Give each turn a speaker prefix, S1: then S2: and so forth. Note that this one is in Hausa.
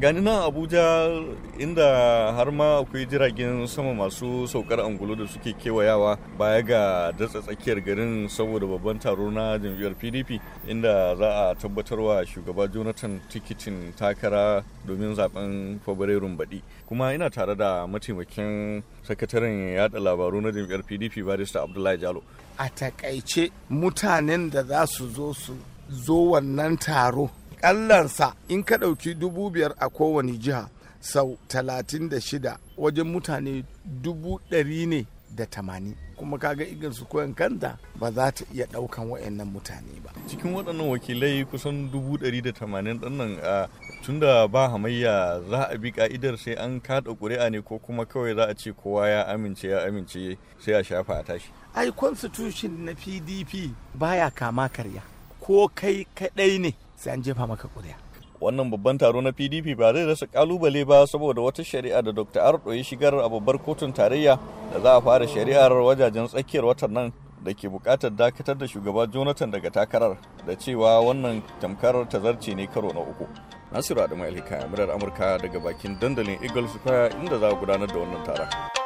S1: gani nan abuja inda har ma akwai jiragen sama masu saukar angulo da suke kewayawa baya ga datsa tsakiyar garin saboda babban taro na jam'iyyar pdp inda za a tabbatarwa shugaba jonathan tikitin takara domin zaben fabrairun baɗi kuma ina tare da mataimakin sakataren yada labaru na jam'iyyar pdp barista abdullahi jalo
S2: a takaice mutanen da za su zo su zo wannan taro kallansa in ka ɗauki dubu biyar a kowane jiha sau talatin da shida wajen mutane dubu ɗari ne da tamanin kuma kaga igan su koyan kanta ba za ta iya ɗaukan wayannan mutane
S1: ba cikin waɗannan wakilai kusan dubu ɗari da tamanin ɗannan a tun da ba hamayya za a bi ka'idar sai an kaɗa ƙuri'a ne ko kuma kawai za a ce kowa ya amince ya amince sai a shafa a tashi
S2: ai constitution na pdp baya kama karya ko kai kaɗai ne sai an jefa maka ƙuri'a wannan babban taro na pdp
S1: ba zai rasa kalubale ba saboda wata shari'a da dr ardo ya shigar a babbar kotun tarayya da za a fara shari'ar wajajen tsakiyar watan nan da ke bukatar dakatar da shugaba jonathan daga takarar da cewa wannan tamkar tazarce ne karo na uku nasiru adamu alhika murar amurka daga bakin dandalin eagle square inda za a gudanar da wannan taron